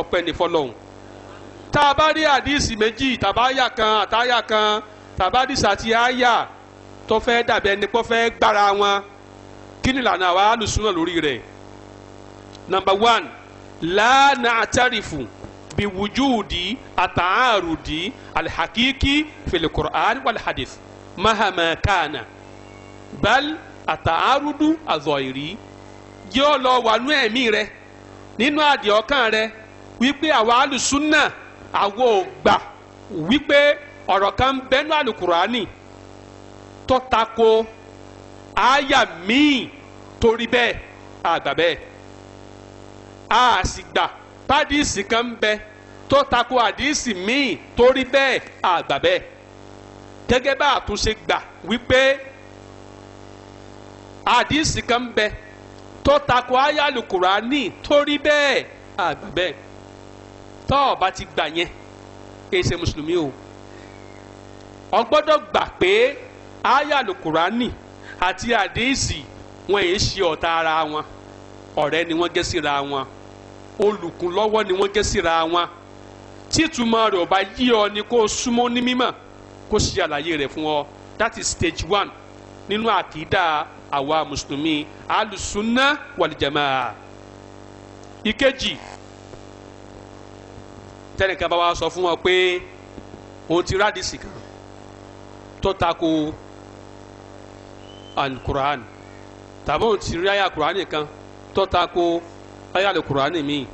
ọpẹ́ ní fọlọ́hún tá a bá rí àdíìsì méjì tàbá yà kan àtáyà kan tàbá àdíìsì àti àyà tó fẹ́ dàbí ẹni pọ́ fẹ́ gbára wọn kí ni ìlànà àwa alùsùnà lórí rẹ̀ number one lánà àtàrífù bí wùjúùdì àtàárùdì alhakiki fil Qur'an wal mahama kana bal àtàárùdù àzọ̀ìrí yóò lọ wà nú ẹ̀mí rẹ nínú àdìọ́kàn rẹ wípé àwa alùsùnà àwo ò wípé ọ̀rọ̀ kan àlùkùránì tako àyà míì torí bẹ́ẹ̀ àgbà bẹ́ẹ̀ a sì kan ń bẹ tako míì torí bẹ́ẹ̀ àgbà bẹ́ẹ̀ gẹ́gẹ́ bá àtúnṣe gbà wípé àdìsì kan ń bẹ àyà àlùkùránì torí bẹ́ẹ̀ àgbà tọ́ ọ bá ti gbà yẹn kì í ṣe mùsùlùmí o ọ gbọ́dọ̀ gbà pé aya alukurani àti àdéhìsì wọn èyí ṣe ọ̀tá ara wọn ọ̀rẹ́ ni wọ́n gẹ́ síra wọn olùkún lọ́wọ́ ni wọ́n gẹ́ síra wọn títúmọ̀ rẹ̀ ọba yí ọ ni kó o súnmọ́ ní mímọ̀ kó ṣe àlàyé rẹ̀ fún ọ that is stage one nínú àkìdá àwa mùsùlùmí alùsùnà wàlìjàmáà ìkejì tẹnìkan bá wa sọ fún wọn pé òun ti rádìsì kan tó tako alukur'an tàbí òun ti rí àyà kur'an kan tó tako àyà alukur'an míì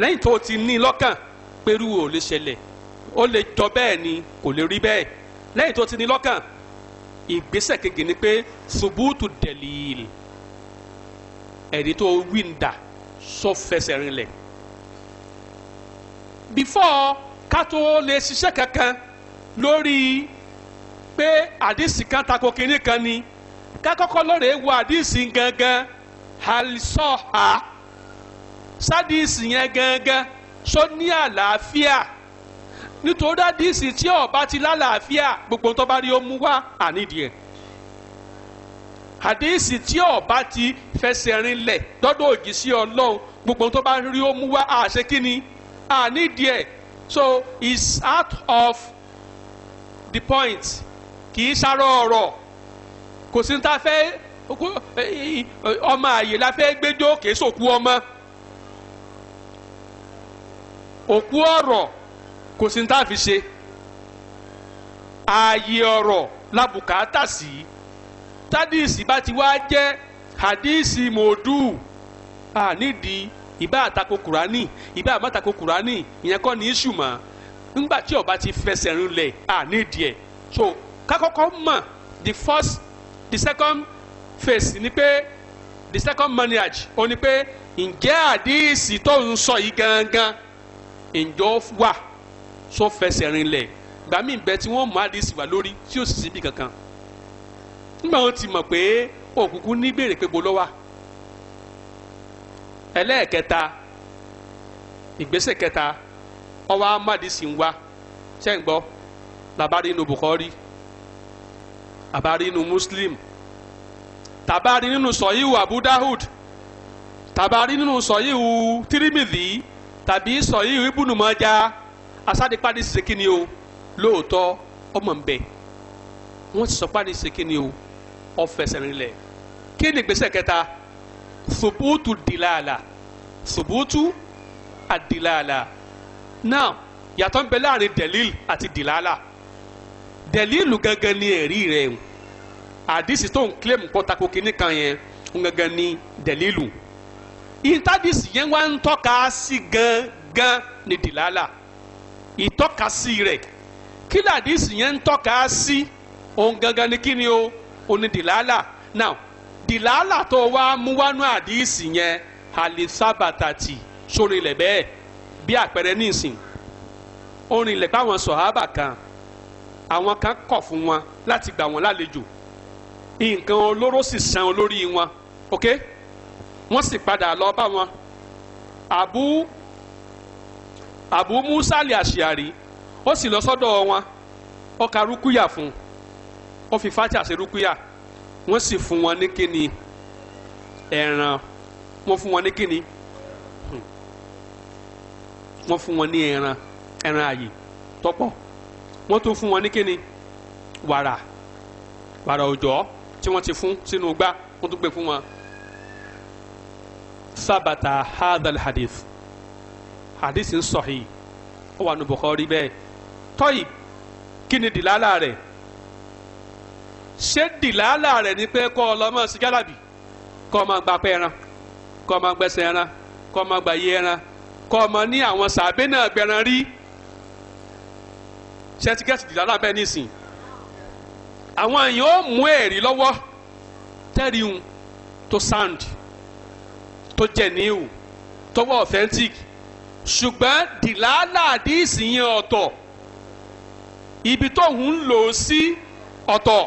lẹ́yìn tó ti ní lọ́kàn pẹ̀lú ò lè ṣẹlẹ̀ ó lè jọ bẹ́ẹ̀ ni kò lè rí bẹ́ẹ̀ lẹ́yìn tó ti ní lọ́kàn ìgbésẹ̀ kejì ni pé ṣubúùtù dẹ̀lìl ẹ̀rí tó wí ń dà sọ fẹsẹ̀ rinlẹ̀. So before kato le lè ṣiṣẹ́ kankan lórí pe àdìsí kan tako kinní kan ni ká kọ́kọ́ lóore wo àdìsí gangan alisọ́ha sádìsí yẹn gangan só ní àlàáfíà nítorí àdìsí tí ó bá ti lálàáfíà gbogbo tó bá rí ó mú wá ànídìí ẹ̀ àdìsí tí ó bá ti fẹsẹ̀ rinlẹ̀ lọ́dọ̀ òjì sí ọlọ́run gbogbo tó bá rí ó mú wá àṣekínni ànídìí ah, ẹ̀ so is out of the point kì í sáró ọ̀rọ̀ kò sí ní ta fẹ́ eh, ọmọ àyè la fẹ́ gbẹ́jọ́ kìí sòkú ọmọ òkú ọ̀rọ̀ kò sí ní tá a fi ṣe ààyè ọ̀rọ̀ la sí tádìsì bá ti wá jẹ́ hadísì mòdù ànídìí ah, ìbá àtakò kùránì ìbá àmàtakò kùránì ìyẹn kọ́ ní iṣu mọ́ nígbà tí ọba ti fẹsẹ̀ rinlẹ̀ àní ìdíẹ̀ so kakọ́kọ́ mọ̀ the first the second phase ni pé the second manage ó ní pé ǹjẹ́ àdíìsì tó ń sọ yìí gangan ǹjọ́ wà so fẹsẹ̀ rinlẹ̀ gbàmí ìbẹ́ tí wọ́n mú àdíìsì wà lórí tí ó sì síbi kankan nígbà wọn ti mọ̀ pé òkùnkùn ní béèrè pé bo lọ́wọ́ ẹlẹ́ẹ̀kẹta ìgbésẹ̀ kẹta ọwọ́ amádìsí ń wá ṣe ń gbọ́ labari inú Bukhari abari inú Muslim tabari nínú sọ̀yíwù Abu Dahud tabari nínú sọ̀yíwù Tirimidhi tàbí sọ̀yíwù Ibnu Majah asádìpádi sèkínni o lóòótọ́ ọmọ ń bẹ ti sọ pádi sèkínni o ọ̀fẹsẹ̀rinlẹ̀ kí ni ìgbésẹ̀ kẹta thubutu dilala thubutu adilala now yàtọ̀ ń bẹ láàrin delil àti dilala delilu gangan ni ẹ̀rí rẹ̀ ń àdìsí tó ń claim pọ́tàkó kínní kan yẹn gangan ni delilu intadisi yẹn wá ń tọ́ka sí gangan ni dilala ìtọ́kasí rẹ̀ kí làdìsí yẹn ń tọ́ka sí ohun ni kí o onídìlálà now dìlálà tó wá mú wánú àdìsí yẹn alisabatati sórí ilẹ̀ bẹ́ẹ̀ bí àpẹẹrẹ nísìn orin ilẹ̀ báwọn sọ̀hábà kan àwọn kan kọ̀ fún wọn láti gbà wọn lálejò nǹkan olóró sì san olórí wọn ok wọ́n sì padà lọ bá wọn àbú àbú musa lè àṣìyàrí ó sì lọ sọ́dọ̀ wọn ó ka rúkúyà fún un ó fi fájà ṣe rúkúyà wọ́n sì fún wọn ní kíni ẹran wọ́n fún wọn ní kíni wọ́n fún wọn ní ẹran ẹran àyè tọ́pọ̀ wọ́n tún fún wọn ní kíni wàrà wàrà òjọ́ tí wọ́n ti fún sínú gbá wọ́n tún gbé fún wọn. sábàtà hadal hadith hadith ń sọ̀hìn ó wà nù Bukhari bẹ́ẹ̀ tọ́yì kí ni dìlálà rẹ̀ ṣé dìláàlà rẹ̀ ni pé kọ́ ọ lọ́mọ sí jálàbì kọ́ ọmọ gba pẹ́ ẹran kọ́ ọmọ gbẹ̀sẹ̀ ẹran kọ́ ọmọ gba iye ẹran kọ́ ọmọ ní àwọn sàbẹ́ náà gbẹran rí ṣé ti gẹ́sì dìláàlà bẹ́ẹ̀ nísìn àwọn èèyàn ó mú ẹ̀rí lọ́wọ́ tẹ́rìhun tó sound tó genuine tó wà authentic ṣùgbọ́n dìláàlà àdìsí yẹn ọ̀tọ̀ ibi tó ń lò ó sí ọ̀tọ̀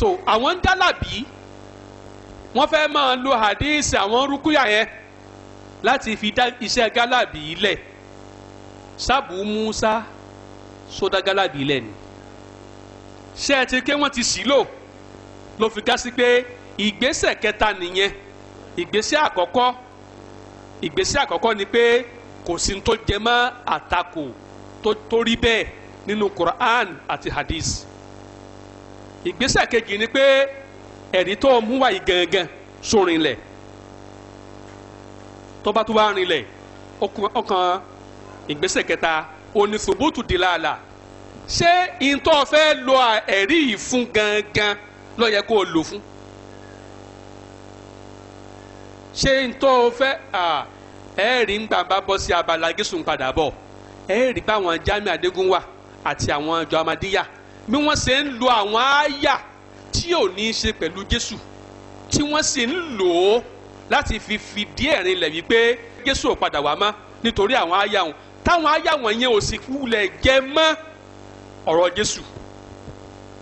so àwọn ń dálàbí wọ́n fẹ́ máa lo hadith àwọn rúkúyà yẹn láti fi dá iṣẹ́ gálàbí lẹ̀ sábù musa sódà gálàbí lẹ̀ ni ṣé ẹ ti ké wọ́n ti sì lò ló fi ká sí pé ìgbésẹ̀ kẹta nìyẹn ìgbésẹ̀ àkọ́kọ́ ìgbésẹ̀ àkọ́kọ́ ni pé kò sí tó jẹ mọ́ àtakò tó rí bẹ́ẹ̀ nínú Quran àti hadith ìgbésẹ̀ kejì ni pé ẹ̀rí tó mú wáyé gangan sórinlẹ̀ tó bá tó wá rinlẹ̀ ọkàn ìgbésẹ̀ kẹta oníṣòbótù dìláàlà ṣé ìtọ́ fẹ́ lo ẹ̀rí yìí fún gangan ló yẹ kó o lò fún ṣé ìtọ́ fẹ́ ẹ̀rí ń gbàgbà bọ́ sí abala gísùn padà bọ̀ ẹ̀rí báwọn jamiu adégún wà àti àwọn jọ amadíyà bí wọ́n ṣe ń lo àwọn àyà tí ò ní í ṣe pẹ̀lú Jésù tí wọ́n sì ń lò ó láti fi fìdí ẹ̀ rinlẹ̀ wípé Jésù ò padà wá mọ́ nítorí àwọn àyà wọn táwọn àyà wọn yẹn ò sì wulẹ̀ jẹ mọ́ ọ̀rọ̀ Jésù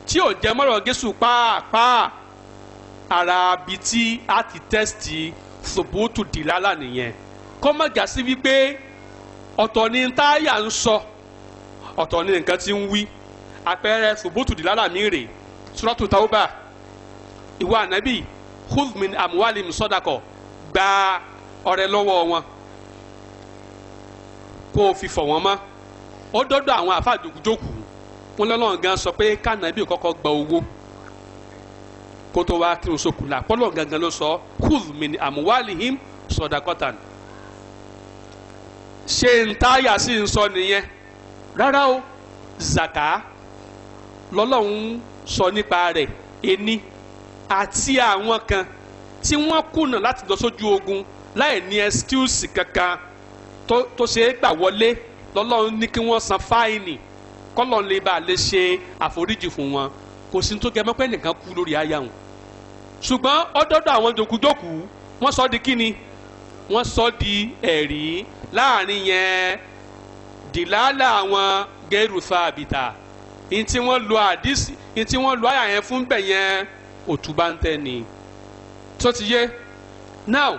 tí ò jẹ mọ́ Jésù pàápàá ara bíi tí a ti tẹ́sítì ṣòbótù dìlálà nìyẹn kó má gà sí wípé ọ̀tọ̀ ni táyà ń sọ ọ̀tọ̀ ni nǹkan tí ń wí àpẹẹrẹ ṣùbútù dìlálà mi rè suratu tauba iwa ànábì hudmin amuwalim sọdakọ gba ọrẹ lọ́wọ́ wọn kó o fi fọ̀ wọ́n mọ́ ó dọ́dọ̀ àwọn àfa àjòkújókù wọn lọ́lọ́run gan sọ pé kànábì kọ́kọ́ gba owó kó tó wá kírun sókùn là pọ́lọ́ gangan ló sọ hudmin amuwalihim sọdakọtan ṣé n táyà sí ń sọ nìyẹn rárá o zaka lọ́lọ́run sọ nípa rẹ̀ ẹni àti àwọn kan tí wọ́n kùnà láti lọ sójú ogun láì ní ẹ́síkúùsì kankan tó ṣe é gbà wọlé lọ́lọ́run ní kí wọ́n san fáìnì kọ́lọ́n lè bá lè ṣe àforíjì fún wọn kò sí tó gẹmọ́ pé nìkan kú lórí aya wọn. ṣùgbọ́n ọdọ́dọ̀ àwọn jòkújòkú wọ́n sọ di kíni wọ́n sọ di ẹ̀rí láàrin yẹn dìláàlà àwọn gẹ́rù fáabìtà ní tí wọ́n lo àdìsí ní tí wọ́n lo àyà yẹn fún bẹ̀ òtúbá ń tẹ́ ni tó ti yé now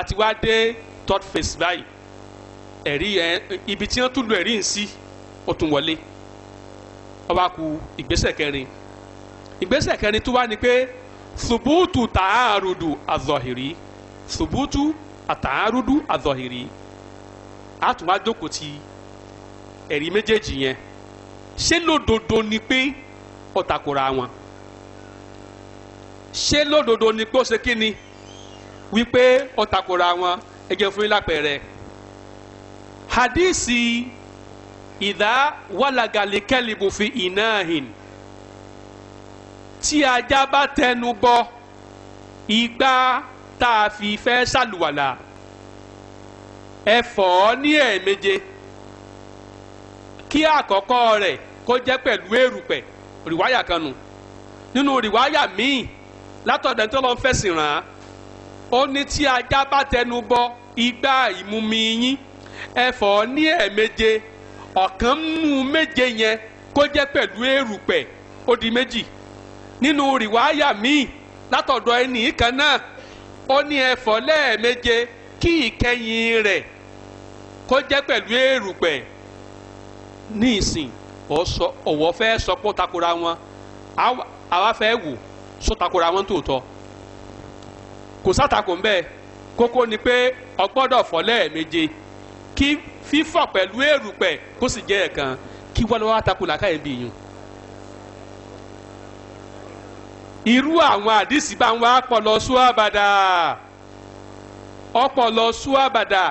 àti wá dé third phase báyìí ẹ̀rí yẹn ibi tí wọ́n tún lo ẹ̀rí yìí sí ó wọlé ó wá ìgbésẹ̀ kẹrin ìgbésẹ̀ kẹrin tó wá ni pé subutu tààrùdù àzọ̀hìrì subutu àtàrùdù àzọ̀hìrì àtúnwájókòó ti ẹ̀rí méjèèjì yẹn ṣé lódodo ni pé ó takora wọn ṣé lódodo ni pé ó ṣe kí ni wípé ó takora wọn ẹ jẹ́ fún yín lápẹẹrẹ hadisi ìdá wàlàgàlìkẹ́lìbù fi ìnáhìn tí ajá bá tẹnu bọ igbá tá a fi fẹ́ ṣàlùwàlà ẹ fọ̀ ọ́ ní ẹ̀ẹ̀méje kí àkọ́kọ́ rẹ̀ kó jẹ́ pẹ̀lú èrùpẹ̀ rìwáyà kan nù nínú rìwáyà míì látọ̀dẹ̀ tó lọ́n fẹ̀sìn án ó ní tí ajá bá tẹnu bọ igba ìmumi yín ní ẹ̀ẹ̀méje ọ̀kan mú méje yẹn kó jẹ́ pẹ̀lú èrùpẹ̀ ó di méjì nínú rìwáyà míì látọ̀dọ̀ ẹnì kan náà ó ní kí ìkẹyìn rẹ̀ kó jẹ́ pẹ̀lú èrùpẹ̀ ní ìsìn ọ̀wọ́ fẹ́ sọ pé ó takora wọn àwa fẹ́ wò sọ takora wọn tòótọ́ kò sátakò ń bẹ́ẹ̀ kókó ni pé ọgbọ́dọ̀ fọ̀ lẹ́ẹ̀méje kí fífọ̀ pẹ̀lú èrùpẹ̀ kó sì jẹ́ ẹ̀kan kí wọ́n lọ́wọ́ takò làkàyè bí yùn. irú àwọn àdìsí bá ń wá ọpọlọ sùwàbàdà ọpọlọ sùwàbàdà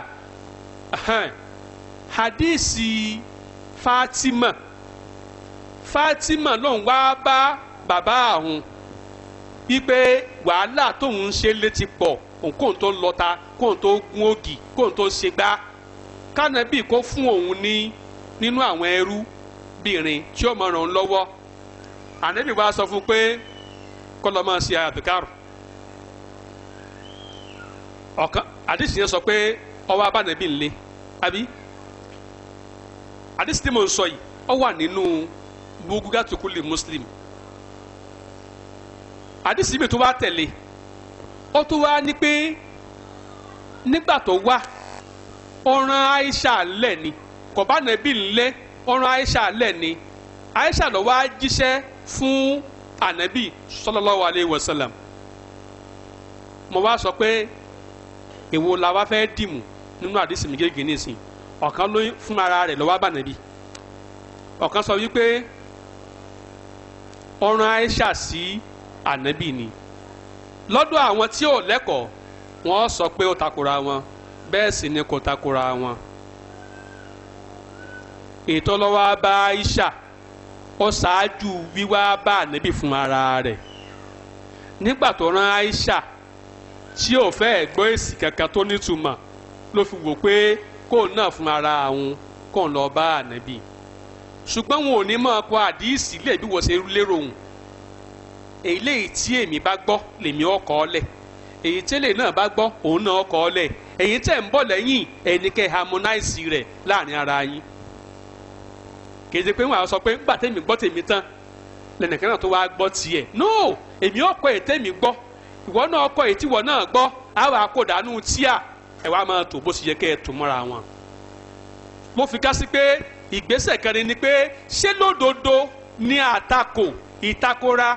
àdìsí Fatima. Fatima ló ń wá bá bàbá àwọn wípé wàhálà tóun ń ṣe létí pọ̀ kóun tó lọta kóun tó gun ògì kóun tó ṣe gbá kánàbì kó fún òun ní nínú àwọn ẹrú bìnrin tí ó máa ràn lọ́wọ́ ànábì wa sọ fún un pé kó lọ máa ṣe àdùkárù ọ̀kan àdìsí yẹn sọ pé ọwọ́ abánàbí ń le àbí àdìsí tí mo ń sọ yìí ó wà nínú buguga tó kulli muslim àdìsí mi tó wá tẹ̀lé ó tó wá ní pé nígbà tó wá ọ̀ràn Aisha lẹ̀ ni kò bá nàbí ńlẹ̀ ọ̀ràn Aisha lẹ̀ ni Aisha ló wá jíṣẹ́ fún ànábì sallallahu alayhi wa sallam mo wá sọ pé èwo la wá fẹ́ dìmú nínú àdìsí mi gẹ́gẹ́ nísìn ọ̀kan ló fún ara rẹ̀ ló wá bá nàbí ọ̀kan sọ wípé ọ̀ràn Aisha sí ànábì ni lọ́dọ̀ àwọn tí ò lẹ́kọ̀ọ́ wọ́n sọ pé ó takora wọn bẹ́ẹ̀ sì ni kò takora wọn ètò lọ́wọ́ bá Aisha ó ṣáájú wíwá bá ànábì fún ara rẹ̀ nígbà tó rán Aisha tí ò fẹ́ gbọ́ èsì kankan tó nítumọ̀ ló fi wò pé kóun náà fún ara àwọn kóun lọ bá ànábì. ṣùgbọ́n wọn ò ní máa kọ àdíìsì lè bí wọ́n ṣe lérò òun eléyìí tí èmi bá gbọ́ lèmi ọkọ̀ ọlẹ̀ èyí tẹ́lẹ̀ náà bá gbọ́ òun náà ọkọ̀ ọlẹ̀ èyí harmonize rẹ̀ láàrin ara yín kéde pé wọn sọ pé ńgbà tẹ̀mí gbọ́ tèmi tán lẹ́nìkan náà tó wá gbọ́ no èmi ọkọ̀ gbọ́ ìwọ náà ọkọ̀ náà gbọ́ àwọn tíà ẹ̀ wá máa bó ṣe yẹ kẹ́ ẹ̀ tó ìgbésẹ̀ kẹrin ni pé ṣé lódodo ni àtakò ìtakora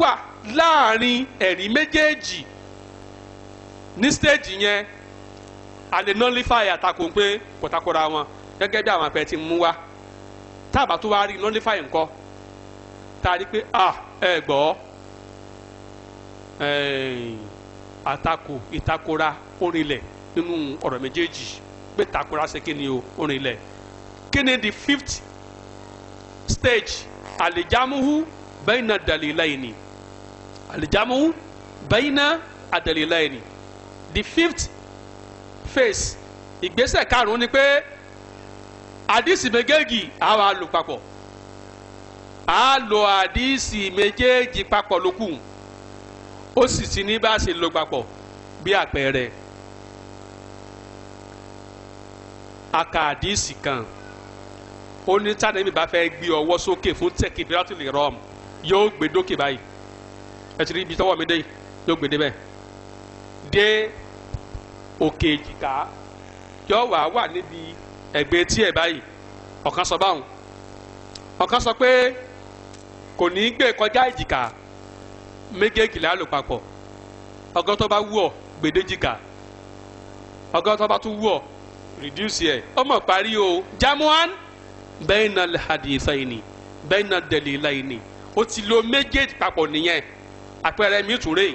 wà láàrin ẹ̀rí méjèèjì ní stéèjì yẹn a lè nullify àtakò pé kò takora wọn gẹ́gẹ́ bí àwọn àpẹ mú wa tá a bá tó wá rí nullify nǹkan tá a rí pé à ẹ gbọ́ àtakò ìtakora orinlẹ̀ nínú ọ̀rọ̀ méjèèjì pé takora ṣe kí ni o orinlẹ̀ kí the fifth stage alijamuhu bayna dalilaini alijamuhu bayna adalilaini the fifth phase ìgbésẹ̀ karùn-ún ni pé àdìsí méjèèjì á wà lò papọ̀ á lo àdìsí méjèèjì papọ̀ lókù ó sì ti ní bá a ṣe lò papọ̀ bí àpẹẹrẹ a kan ó ní tàdé mi bá fẹ́ gbé ọwọ́ sókè fún tẹ̀kì bíráàtì lè rọ ọ̀m yóò gbé dókè báyìí ẹ ti rí ibi tọwọ́ mi dé yóò gbé débẹ̀ dé òkè èjìká yóò wà wà níbi ẹ̀gbẹ́ tí ẹ̀ báyìí ọ̀kan sọ báwọn ọ̀kan sọ pé kò ní í gbé kọjá èjìká méjèèjì lálò papọ̀ ọgọ́ tó bá wù ọ́ gbèdéjìká ọgọ́ tó bá tún wù ọ́ rìdíùsì ẹ̀ ọmọ parí o jamuan bayna al-hadithaini bayna ad-dalilaini ó ti lo méjèèjì papọ̀ nìyẹn àpẹẹrẹ mi tún rèé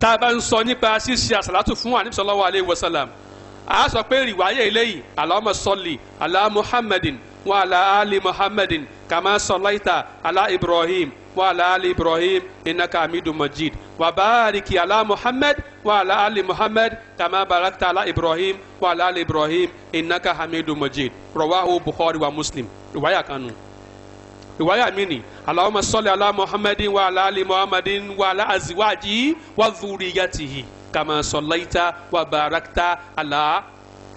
tá a bá ń sọ nípa ṣíṣe àṣàlátù fún ànábì sallallahu wa sallam a sọ pé rìwáyé eléyìí ala Muhammad ala Muhammadin wa ala ali Muhammadin كما صليت على إبراهيم وعلى آل إبراهيم إنك حميد مجيد وبارك على محمد وعلى آل محمد كما باركت على إبراهيم وعلى آل إبراهيم إنك حميد مجيد رواه البخاري ومسلم رواية كانوا رواية مني اللهم صل على محمد وعلى آل محمد وعلى أزواجه وذريته كما صليت وباركت على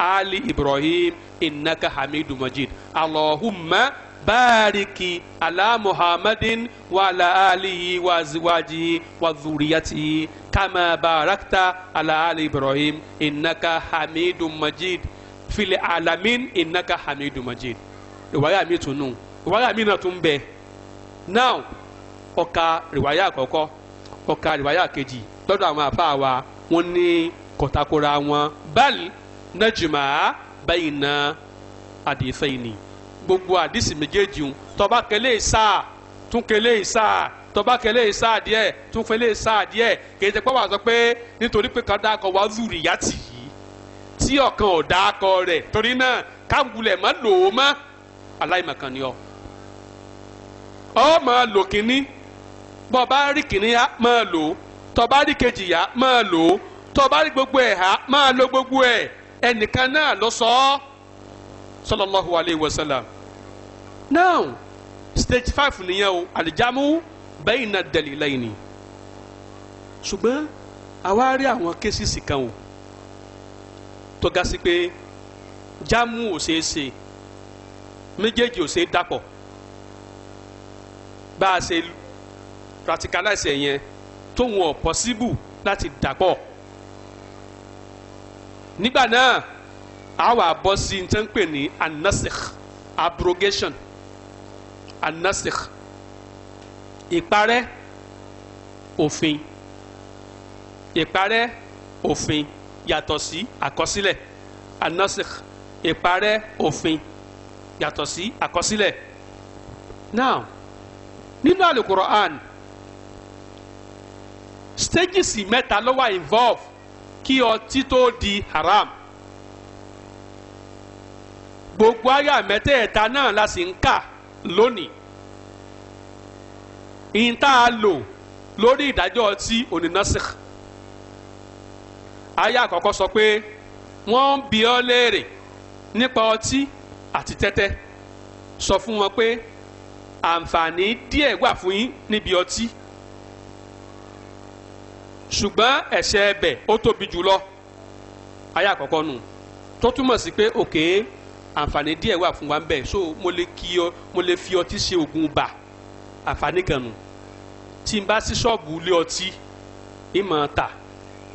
آل إبراهيم إنك حميد مجيد اللهم baariki ala muhammadin wa ala alihi wa azwajihi wa dhuriyatihi kama barakta ala ali ibrahim innaka hamidu majid fili alamin innaka hamidu majid riwaya mi tun nu riwaya mi na tun bẹ now ó ka riwaya àkọ́kọ́ ó riwaya kejì lọ́dọ̀ àwọn àbá wa wọ́n ní kọtakora wọn bal najma bayna adisayni gbogbo àdìsí méjèèjì ń tọba kẹlẹ ìsáà tún kẹlẹ ìsáà tọba kẹlẹ ìsáà díẹ̀ tún kẹlẹ ìsáà díẹ̀ kì í ṣe pé wàá sọ pé nítorí pé kan dáa kọ wá zùrì yàtì yìí tí ọ̀kan ò dáa kọ torí náà káwulẹ̀ má lò ó mọ́ aláìmọ̀kan ni ọ. ọ máa lò kínní bọ́ bá rí kínní á máa lò ó tọ́ bá rí kejì á máa lò ó tọ́ rí gbogbo ẹ̀ á máa lo gbogbo ẹ̀ ẹnìkan náà ló sọ ọ́ sallallahu alayhi wa sallam now stage five nìyẹn o àlìjámù bẹ́yìn náà dẹ̀lì lẹ́yìn ni ṣùgbọ́n àwa rí àwọn kéṣìṣì kan o tó ga sí pé jamu ò ṣeé ṣe méjèèjì ò ṣeé dàpọ̀ bá a ṣe practicalize ẹ̀ yẹn tó wọn possible láti dàpọ̀ nígbà náà àwa bọ́ sí ní tẹ́ ní anasikh abrogation anasikh ìparẹ́ òfin ìparẹ́ òfin yàtọ̀ sí àkọsílẹ̀ anasikh ìparẹ́ òfin yàtọ̀ sí àkọsílẹ̀ now nínú alukur'an stages mẹ́ta ló wà involve kí ọtí tó di haram gbogbo àyà mẹ́tẹ̀ẹ̀ta náà la sì ń kà lónìí ìyìn tá a lò lórí ìdájọ́ tí òní nasikh aya àkọ́kọ́ sọ pé wọ́n ń bi ọ́ léèrè nípa ọtí àti tẹ́tẹ́ sọ fún wọn pé àǹfààní díẹ̀ wà fún yín níbi ọtí ṣùgbọ́n ẹ̀ṣẹ̀ ẹbẹ̀ ó tóbi jùlọ aya àkọ́kọ́ nù tó túmọ̀ sí pé òkè. Okay, àǹfààní díẹ̀ wà fún wa ń bẹ̀ so mo lè kí ọ mo lè fi ọtí ṣe oògùn bà àǹfààní kan nù tí n bá sí ṣọ́ọ̀bù ilé ọtí ń mọ̀ ọ́n tà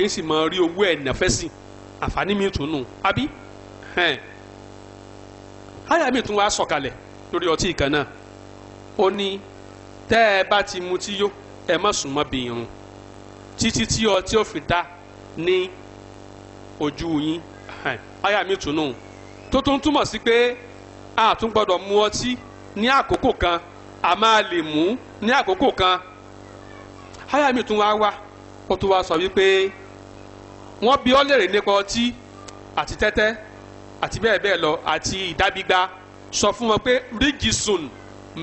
ń sì mọ̀ ọ́n rí owó ẹ̀ nàfẹ́sìn àǹfààní mi tún nù àbí àyà mi tún wá sọ̀kalẹ̀ lórí ọtí kan náà ó ní tẹ́ ẹ bá ti mutí yó ẹ má sùn mọ́ bí títí tí ọtí ò fi dá ní ojú yín àyà mi tún nù tó tún túmọ̀ sí pé a tún gbọ́dọ̀ mu ọtí ní àkókò kan a máa lè mú ní àkókò kan háyà mi tún wá wá ó tún wá sọ wípé wọ́n bi ọ́ léèrè nípa ọtí àti tẹ́tẹ́ àti bẹ́ẹ̀ bẹ́ẹ̀ lọ àti ìdábígbá sọ fún wọn pé rígìsùn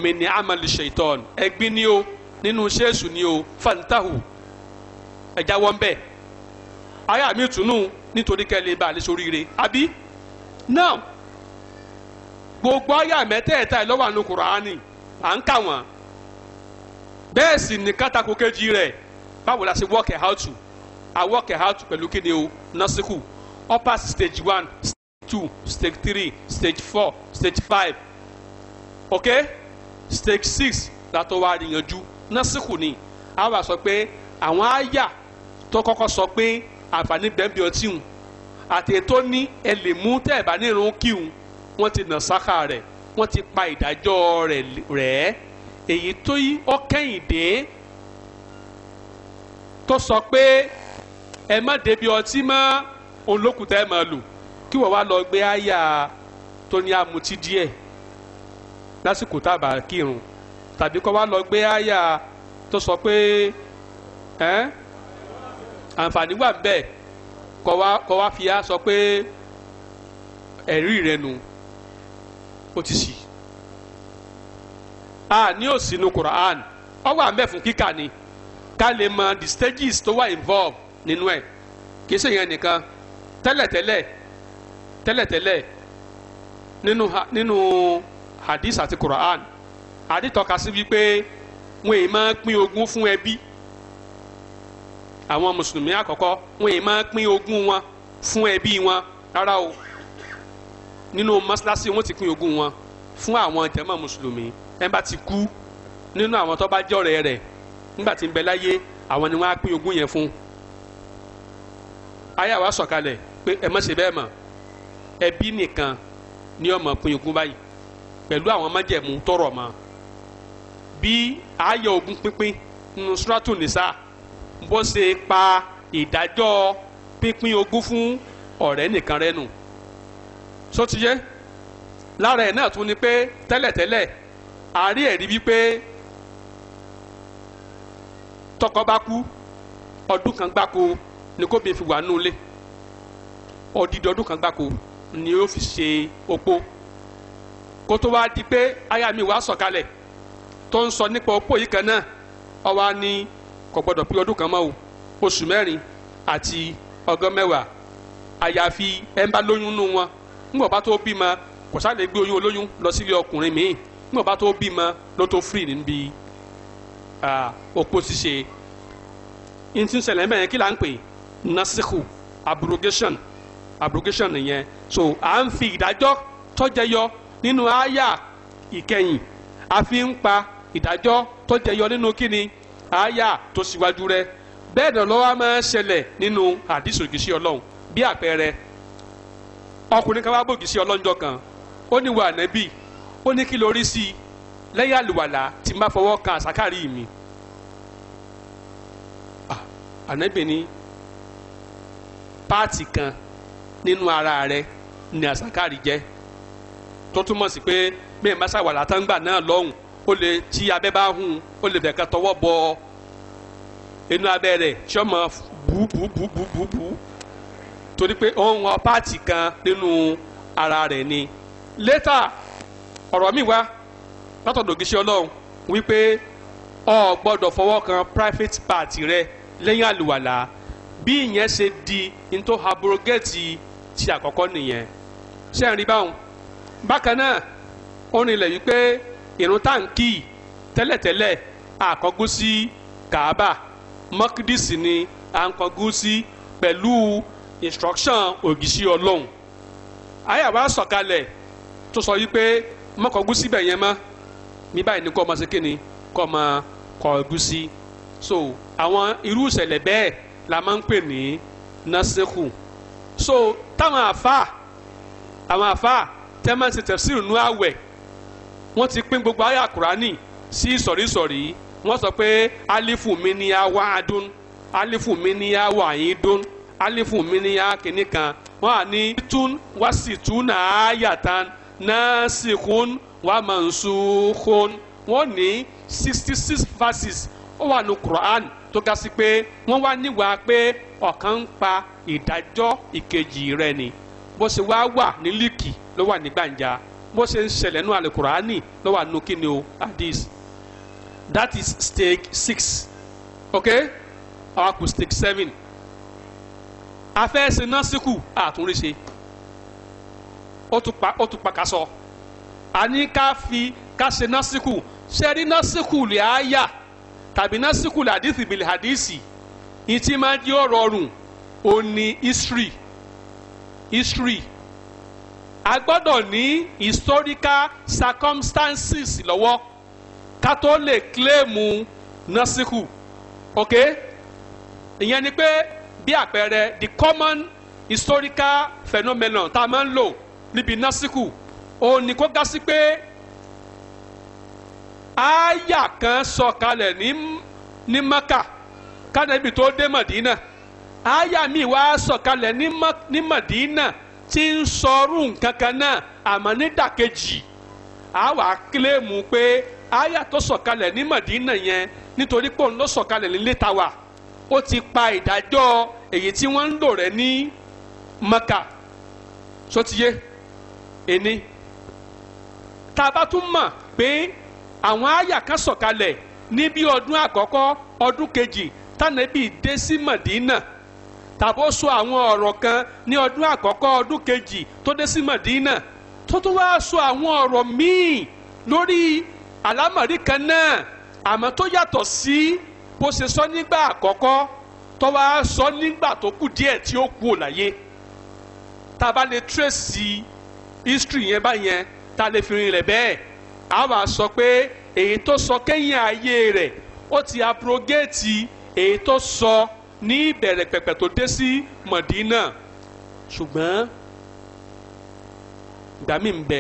mìíní amali ṣèitọ́n ẹgbin ni o nínú ṣéèṣù ni o fantahu ẹ̀jáwọ́ ń bẹ̀ háyà mi tún nù nítorí kẹ́lẹ́ bá a lè soríire àbí. now gbogbo aya mẹ́tẹ̀ẹ̀ta ló wà nínú kùránì à ń kà wọ́n bẹ́ẹ̀ sì ní kátàkó kejì rẹ̀ báwo la ṣe work a work how to pẹ̀lú kí ni o nasiku upper stage one stage two stage three stage four stage five ok stage six látọ̀ wá níyanjú ni a wà sọ pé àwọn àyà tó kọ́kọ́ sọ pé àǹfààní bẹ́ẹ̀ bí ọtí àti ètò ní ẹ lè mú tẹ́ ẹ̀ bá nírun kíhun wọ́n ti nà sáká rẹ̀ wọ́n ti pa ìdájọ́ rẹ̀ rẹ̀ èyí tó yí ọkẹ́yìndé tó sọ pé ẹ má débi ọtí mọ́ òun lókùtà ẹ kí wọ́n wá lọ gbé àyà tó ní amutí díẹ̀ lásìkò tá kírun tàbí kọ́ wá lọ gbé àyà tó sọ pé ẹ́ àǹfààní wà bẹ́ẹ̀. kọwa fi sọ pé ẹ̀rí rẹ nù ó ti sì a ní òsínú Quran ọ wà mbẹ fún kíkà ni ká lè mọ the stages tó wà involve nínú ẹ kì í ṣe yẹn nìkan tẹ́lẹ̀tẹ́lẹ̀ tẹ́lẹ̀tẹ́lẹ̀ nínú nínú hadith àti Quran àdìtọ́ka sí wípé wọn èèmọ̀ pín ogún fún ẹbí àwọn mùsùlùmí àkọ́kọ́ wọn yìí máa pín ogún wọn fún ẹbí wọn rárá o nínú mọ́ṣáláṣí wọn ti pín ogún wọn fún àwọn jàmáà mùsùlùmí ẹ bá ti kú nínú àwọn tó bá jẹ́ ọ̀rẹ́ rẹ̀ nígbà tí ń bẹ láyé àwọn ni wọ́n á pín ogún yẹn fún. àyà wa sọ̀kalẹ̀ pé ẹ má ṣe bẹ́ẹ̀ mọ̀ ẹbí nìkan ni ó máa pín ogún báyìí pẹ̀lú àwọn májẹ̀mú tọrọ mọ́ bí àyà ogún pínpín nínú Suratu Nisa bó ṣe pa ìdájọ́ pínpín ogún fún ọ̀rẹ́ nìkan rẹ nù sótìyẹ lára ẹ̀ náà tún ni pé tẹ́lẹ̀tẹ́lẹ̀ àárí ẹ̀rí wípé tọkọ bá kú ọdún kan gbáko ni kò bí fi wà nulẹ̀ odidi ọdún kan gbáko ni yóò fi ṣe opó kó tó wáá di pé aya mi wàá sọ̀kalẹ̀ tó ń sọ nípa opó yìí kan náà ọwa ni kò gbọ́dọ̀ pé ọdún kan mọ́ o oṣù mẹ́rin àti ọgọ́ mẹ́wàá àyàfi ẹ̀ ń bá lóyún nù wọn ńgbọ̀n bá tó bímọ kò sáà lè gbé oyún olóyún lọ sílé ọkùnrin míì ńgbọ̀n bá tó bímọ ló tó fírì níbi òpó ṣíṣe ntí ń ṣẹlẹ̀ ń kí là ń pè nasihu abrogation abrogation nìyẹn so à ń fi ìdájọ́ tọ́jẹyọ nínú àyà ìkẹyìn a fi ń pa ìdájọ́ tọ́jẹyọ nínú kíni àyà tó síwájú rẹ̀ bẹ́ẹ̀ náà ló wá máa ń ṣẹlẹ̀ nínú àdìsí òjíṣẹ́ ọlọ́run bí àpẹẹrẹ ọkùnrin kan wá bá òjíṣẹ́ ọlọ́njọ́ kan ó ní wà nẹ́bì ó ní kí lórí sí i lẹ́yìn àlùwàlà tí má fọwọ́ kan àsákàrí mi ànẹ́bì ní páàtì kan nínú ara rẹ̀ ni àsákàrí jẹ́ tó túmọ̀ sí pé mẹ́ẹ̀másá wàlá tán gbà náà lọ́hùn ó lè tí abẹ́ bá hùn ó lè bẹ̀ẹ̀kan tọwọ́ bọ inú abẹ́ rẹ̀ tí ọmọ bùbùbùbùbù torí pé ó ń wọn pààtì kan nínú ara rẹ̀ ni létà ọ̀rọ̀ mi wá látọ̀dọ̀ gíṣẹ́ ọlọ́run wípé ọ gbọ́dọ̀ fọwọ́ kan private part rẹ lẹ́yìn àlùwàlà bí ìyẹn ṣe di into abrogate ti àkọ́kọ́ nìyẹn ṣé ń rí báwọn bákan náà ó rinlẹ̀ wípé ìrun táǹkì tẹ́lẹ̀tẹ́lẹ̀ àkọ́gùn sí kàábà mọ́kídìsì ni à ń kọjú sí pẹ̀lú instruction ògìṣẹ́ ọlọ́run àyà wa sọ̀kalẹ̀ tó sọ yí pé mọ́kọ̀ọ́gú síbẹ̀ yẹn mọ́ ní báyìí ni kọ́ ọmọ sí kíni kọ́ so àwọn irú ìṣẹ̀lẹ̀ bẹ́ẹ̀ la máa ń pè ní násìkù so táwọn àfa àwọn àfa tẹ́ máa ń ṣe tẹ̀síìrì nú àwẹ̀ wọ́n ti pín gbogbo àyà kùránì sí ìsọ̀rísọ̀rí. So, wọ́n sọ pé alifu mi ni a wá a dún alifu mi ni a wà yín dún alifu mi ni a kìíní kan wọ́n á ní tún wá sì tún náà yàtàn náà sì kún wá mansukun wọ́n ní sixty six verses ó wà ní Quran tó ga sí pé wọ́n wá níwàá pé ọ̀kan ń pa ìdájọ́ ìkejì rẹ̀ ni bó ṣe wá wà ní líìkì ló wà ní gbàǹjà bó ṣe ń ṣẹlẹ̀ nú alukurani ló wà nú kíni o hadith that is stake six okay àwa kù stake seven afẹ́sẹ̀ náà síkù àtúnríṣe ó tún pa ó tún pa ká fi ká ṣe náà síkù ṣe rí náà síkù lè á yà tàbí náà síkù lè àdìsí bìlì àdìsí ní tí máa di ọ̀rọ̀ ọ̀rùn ó ní history history a gbọ́dọ̀ ní historical circumstances lọ́wọ́ ká tó lè kílèmù násìkù ok ìyẹn ni pé bí àpẹẹrẹ the common historical phenomenon tá a máa ń lò níbi násìkù òun ni kó gá sí pé àyà kan sọ̀kalẹ̀ ní ní maka kánẹ́bì tó dé mọ̀dínà àyà míì wá sọ̀kalẹ̀ ní mọ̀dínà tí ń sọrú nǹkan kan náà àmọ́ nídàkejì àwa kílèmù pé aya tó sọ̀kalẹ̀ ní Madina yẹn nítorí pé òun ló sọ̀kalẹ̀ ní létà wa ó ti pa ìdájọ́ èyí tí wọ́n ń lò rẹ̀ ní Maka sotiye ẹni tá bá tún mọ̀ pé àwọn aya kan sọ̀kalẹ̀ ní bí ọdún àkọ́kọ́ ọdún kejì tànàbí dé sí Madina tàbó so àwọn ọ̀rọ̀ kan ní ọdún àkọ́kọ́ ọdún kejì tó dé sí Madina tó tún wá so àwọn ọ̀rọ̀ míì lórí àlámọ̀rí kan náà àmọ́ tó yàtọ̀ sí bó ṣe sọ nígbà àkọ́kọ́ tó wá sọ nígbà tó kù díẹ̀ tí ó kú òláyé tá a bá lè tírèsì history yẹn báyẹn tá a lè fi rin rẹ̀ bẹ́ẹ̀ a wá sọ pé èyí tó sọ kẹ́yìn ayé rẹ̀ ó ti abrogate èyí tó sọ ní ìbẹ̀rẹ̀ pẹ̀pẹ̀ tó dé sí Mọ̀dínà ṣùgbọ́n gbàmí ń bẹ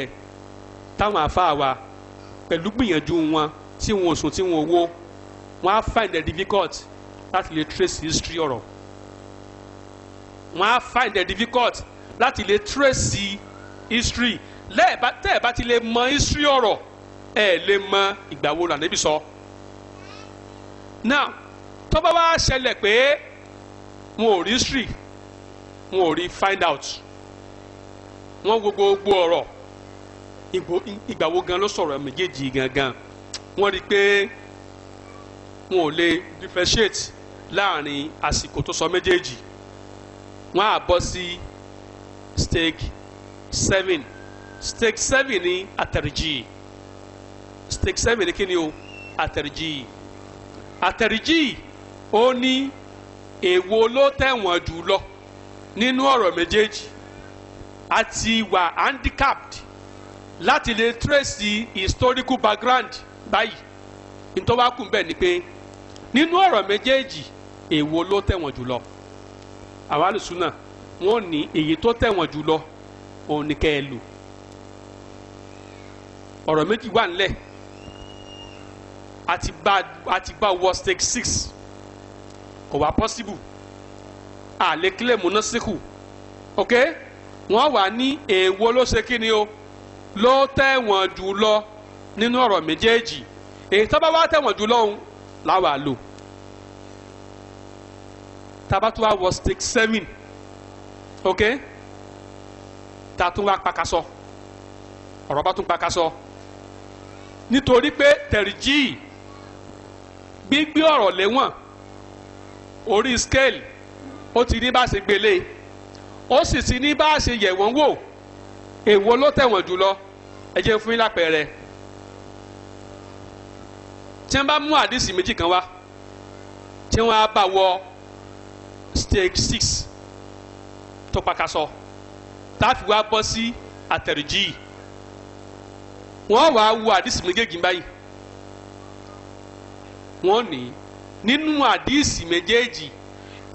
táwọn afáà pẹ̀lú gbìyànjú wọn tí wọn ò sùn tí wọn ò wo wọn á find it difficult láti lè trace history ọ̀rọ̀ wọn á find it difficult láti lè trace history lẹ́ẹ̀bá tẹ́ ẹ̀ bá ti lè mọ history ọ̀rọ̀ ẹ̀ lè mọ ìgbà wo là níbi sọ. now tó bá wá ṣẹlẹ̀ pé wọn ò rí history wọn ò rí find out wọn wo gbogbo ọ̀rọ̀ ìgbà wo gan ló sọ̀rọ̀ méjèèjì gangan wọ́n rí i pé wọn ò lè differentiate láàrin àsìkò tó sọ méjèèjì wọ́n á bọ́ sí stake seven stake seven ní àtẹ̀rìjì stake seven ní kí ni o àtẹ̀rìjì àtẹ̀rìjì ó ní èwo ló tẹ̀wọ̀n jù lọ nínú ọ̀rọ̀ méjèèjì àti wà handicapped láti lè tracy historical background báyìí ntọ́wákù ń bẹ̀ ni pé nínú ọ̀rọ̀ méjèèjì èwo ló tẹ̀wọ̀n jùlọ àwọn alùsùnà wọn ní èyí tó tẹ̀wọ̀n jùlọ òun ni kẹ́ ọ̀rọ̀ méjì wà nílẹ̀ àti bá wọ stake six kò wá possible àlékílẹ̀ múnásíkù ok wọ́n wà ní èwo ló ṣe kí ni o. Okay? ló tẹ̀wọ̀n jù lọ nínú ọ̀rọ̀ méjèèjì èyí tó bá wá tẹ̀wọ̀n jù lọ́hùn láwa lò tabatuwa wọ stick seven ok tàtúwà pàkàsọ ọ̀rọ̀ bá tún pàkàsọ nítorí pé tẹ̀rìjì gbígbé ọ̀rọ̀ léwọ̀n orí scale ó ti ní bá a ṣe gbélé ó sì ti ní bá a ṣe yẹ̀wọ̀n wò èwo ló tẹ̀wọ̀n jùlọ ẹ jẹ́ fún yín lápẹẹrẹ tí wọ́n bá mú àdìsí méjì kan wá tí wọ́n á bá wọ stage six tó pakasọ tá a fi wá bọ́ sí àtẹ̀rìjì wọ́n wàá wo àdìsí méjèèjì báyìí wọ́n ní nínú àdìsí méjèèjì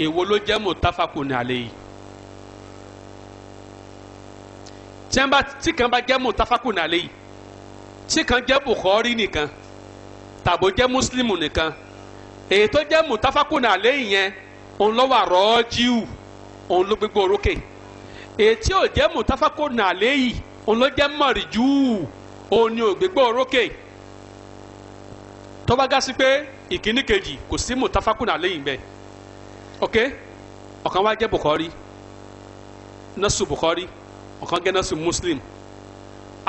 èwo ló jẹ́ mọ̀tàfàkùn ní àlẹ́ yìí. tí kan bá jẹ́ mutafakun alẹ́ yìí tí kan jẹ́ bukhari nìkan tàbó jẹ́ muslimu nìkan eto tó jẹ́ mutafakun alẹ́ yìí yẹn òun lọ́wọ́ àrọ́ jíù òun ló gbégbó orókè èyí tí ò jẹ́ mutafakun alẹ́ yìí òun ló jẹ́ mọ̀rìjú òun ni ò gbégbó orókè tó bá gá sí pé ok ọ̀kan wá jẹ́ bukhari nasu bukhari ọ̀kan gẹ́nà sí muslim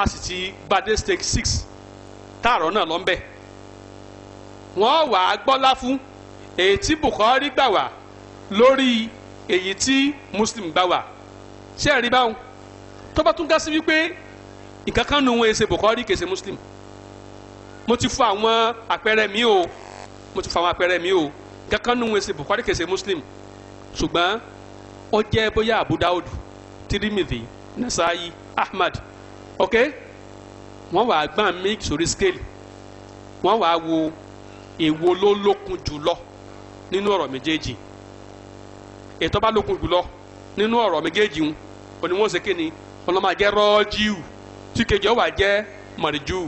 a sì ti gbadé stake six táàrọ̀ náà lọ ń bẹ̀ wọ́n wà á gbọ́lá fún èyí tí bukhari gbà wá lórí èyí tí muslim gbà wá ṣé ẹ̀rí báwọn tó bá tún ká sí wípé nǹkan kan nù wọn èsè bukhari kèsè muslim mo ti fún àwọn àpẹẹrẹ mi o mo ti fún àwọn àpẹẹrẹ mi o nǹkan kan nù wọn èsè bukhari kèsè muslim ṣùgbọ́n ó jẹ́ bóyá abu dawud tirimidhi nasayi ahmad ok wọ́n wàá gbà mí sórí scale wọ́n wàá wo èwo ló lókun jùlọ nínú ọ̀rọ̀ méjèèjì ètò bá lókun jùlọ nínú ọ̀rọ̀ méjèèjì ń òní wọ́n ṣe kí ni ọlọ́mọ àjẹ́ rọ́ọ́jìù tí kejì ọ̀wà jẹ́ mọ̀rìjù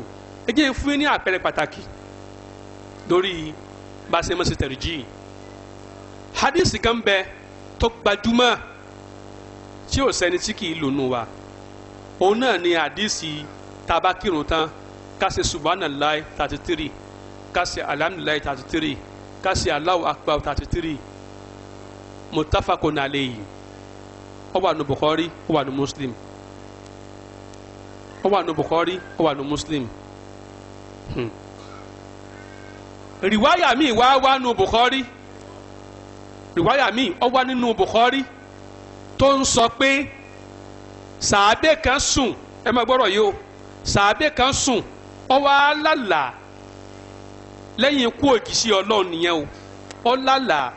ẹ jẹ́ fún yín ní àpẹẹrẹ pàtàkì lórí bá a ṣe mọ̀ sí tẹ̀rìjì hadith kan bẹ tó gbajúmọ̀ tí ò sẹ́ni tí kì í lònú wa òun náà ni àdìsí tabakirun tán kásì subhanallah thirty three kásì alhamdulilayi thirty three kásì Allahu akbar thirty three muttafaqun alayhi ó wà nù Bukhari ó wà nù Muslim ó wà nù Bukhari ó wà Muslim. Hmm rìwáyà míì wá wá nù Bukhari rìwáyà míì ọ wá Bukhari tó ń sọ pé sàábé kan sùn ẹ máa gbọ́rọ̀ yìí o sàábé kan sùn ó wá lálàá lẹ́yìn ikú òjìṣẹ́ ọlọ́run nìyẹn o ó lálàá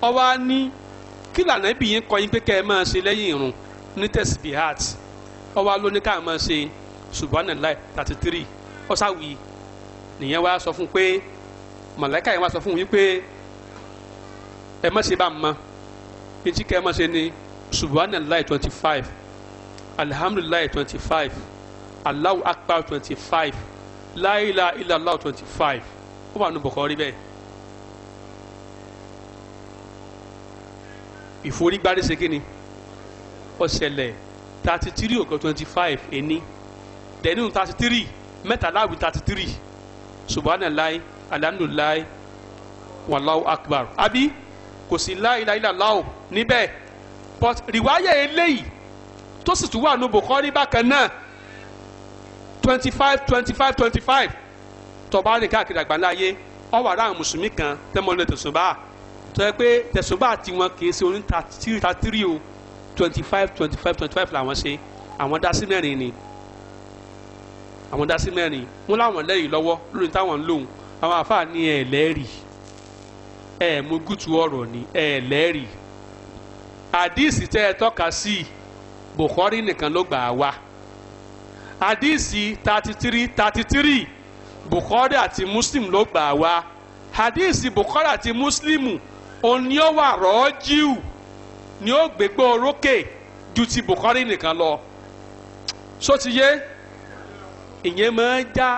ó wá ní kí lànà ibi yìí kọ́ yín pé kẹ́ ẹ máa ṣe lẹ́yìn irun ní tẹ̀síbíhàt ó wá ló ní ká máa ṣe subhanallah thirty three ó ṣàwì nìyẹn wá sọ fún pé màláìka yẹn wá sọ fún wípé ẹ má ṣe bá mọ etí kẹ́ ẹ má ṣe ni subhanallah twenty five alhamdulilah twenty five allahu akbar twenty five láìla ilàlá twenty five ó wà nù bọ̀kọ́rí bẹ́ẹ̀. ìforígbárí ṣe kí ni ọ̀sẹ̀lẹ̀ thirty three òkè twenty five ẹni dẹ̀nu thirty three mẹ́tàlá wí thirty three subhanallah alhamdulilah wallahu akbar àbí kò sí láìla níbẹ̀ but rìwáyà eléyìí tó sì tún wà ní bòkọ́rí bákan náà twenty five twenty five twenty five tọba rìn káàkiri àgbáláyé ọwọ́ ara àwọn mùsùlùmí kan tẹ́mọ́lẹ́ tẹ̀sùnbà tó yẹ pé tẹ̀sùnbà tiwọn kì í ṣe oní thirty thirty o twenty five twenty five twenty five làwọn ṣe àwọn dá sí mẹ́rin ni àwọn dá sí mẹ́rin wọn láwọn lẹ́yìn lọ́wọ́ lórí táwọn ń lòun àwọn àfáà ní ẹ̀ẹ́lẹ́rì ẹ̀ẹ́mú gùtù ọ̀rọ̀ ni ẹ̀ẹ́lẹ́rì. E àdìsí tẹ́ ẹ tọ́ka sí i Bukhari nìkan ló gbà á wá àdìsí thirty three thirty àti Muslim ló gbà á wá àdìsí Bukhari àti Muslim òun ni ó wà rọ́ọ́jìw ni ó gbégbé orókè ju ti Bukhari nìkan lọ sótìyé ìyẹn máa ń já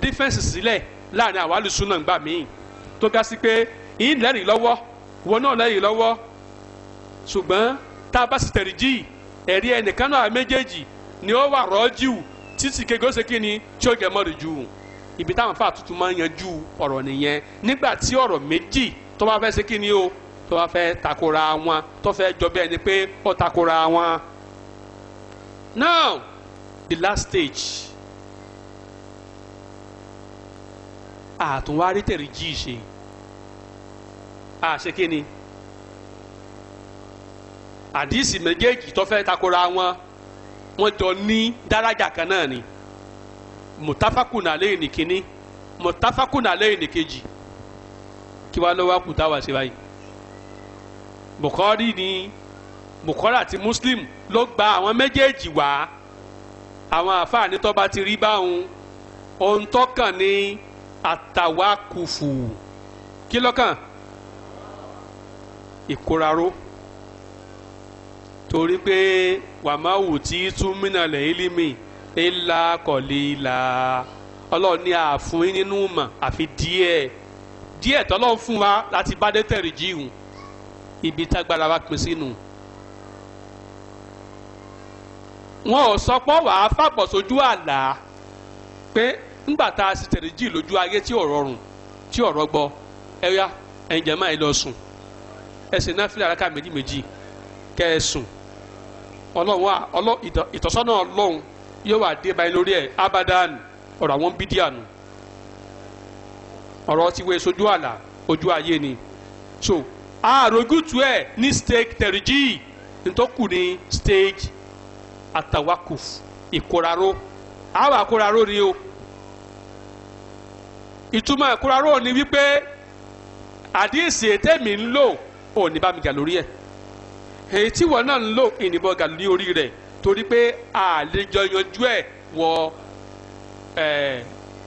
dífẹ́ǹsì sílẹ̀ láàrin àwálùsùn náà gbà míì tó ga sí pé ìyìn lẹ́rìí lọ́wọ́ wọn náà lẹ́rìí lọ́wọ́ ṣùgbọ́n tá a bá sì tẹ̀rí jí ẹ̀rí ẹnìkan náà méjèèjì ni ó wà rọ́ọ̀jù títí kege ṣe kí ni tí ó jẹ mọ́rin jù ibi táwọn fà tuntun máa ń yanjú ọ̀rọ̀ nìyẹn nígbà tí ọ̀rọ̀ méjì tó bá fẹ́ ṣe kí ni o tó bá fẹ́ takora wọn tó fẹ́ jọ bẹ́ẹ̀ ni pé ó takora wọn. now the last stage àtúnwárí tẹ̀rí jí ṣe àṣekínni. Ah, àdìsí méjèèjì tó fẹ́ takora wọn wọ́n jọ ní dáràjà kan náà ni mutafakuna lẹ́yìn nìkíní mutafakuna lẹ́yìn nìkejì kí wàá lọ́wọ́ kùtà wá sí báyìí Bukhari ni Bukhari àti Muslim ló gba àwọn méjèèjì wá àwọn àfààní tó bá ti rí báwọn ohun tó kàn ní àtàwákùfù kí lọ́kàn ìkóraró. E torí pé wàmáwù tí túmínà lẹ́yìn mi ńlá kọ̀lìlà ọlọ́run ní àfún nínú mà àfi díẹ̀ díẹ̀ tọ́lọ́run fún wa láti bá dé tẹ̀rí jíhùn ibi tágbára wa pín sínú. wọn ò sọ pé wàá fàbọ̀ sójú àlá pé ńgbà tá a sì tẹ̀rí jí lójú ayé tí ò rọrùn tí ò rọgbọ ẹ̀yà ẹ̀ǹjẹ̀ máa lọ sùn ẹ̀sìn náà fìlà ara méjì méjì kẹ́ ẹ sùn. ọlọ́run wa ìtọ́sọ́nà ọlọ́run yóò wà dé báyìí lórí ẹ̀ abadan ọ̀rọ̀ àwọn bídíà ọ̀rọ̀ ti wé sojú àlà ojú ayé ni so àrògùtù ẹ̀ ní stage tẹ̀rìjì ntọ́kù ní stage atawakuf ìkóraró àwọn àkóraró ni o ìtumọ̀ ìkóraró ni wípé àdéhìsì ètèmí ń lò ò ní bá mi lórí ẹ̀. èyí tí wọn náà ń lò ìnìbọn gà ní orí rẹ̀ torí pé àlejò yanjú ẹ̀ wọ ẹ̀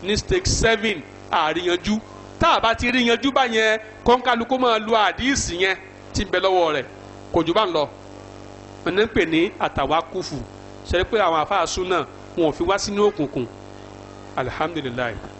ní stake seven àríyanjú tá a bá ti rí yanjú báyẹn kọ́ńkálukú máa lo àdíìsì yẹn tí ń bẹ lọ́wọ́ rẹ̀ kò jù bá ń lọ ẹni ń pè ní àtàwákùfù ṣe pé àwọn àfáàsùn náà wọn ò fi wá sínú òkùnkùn alihamdulilayi.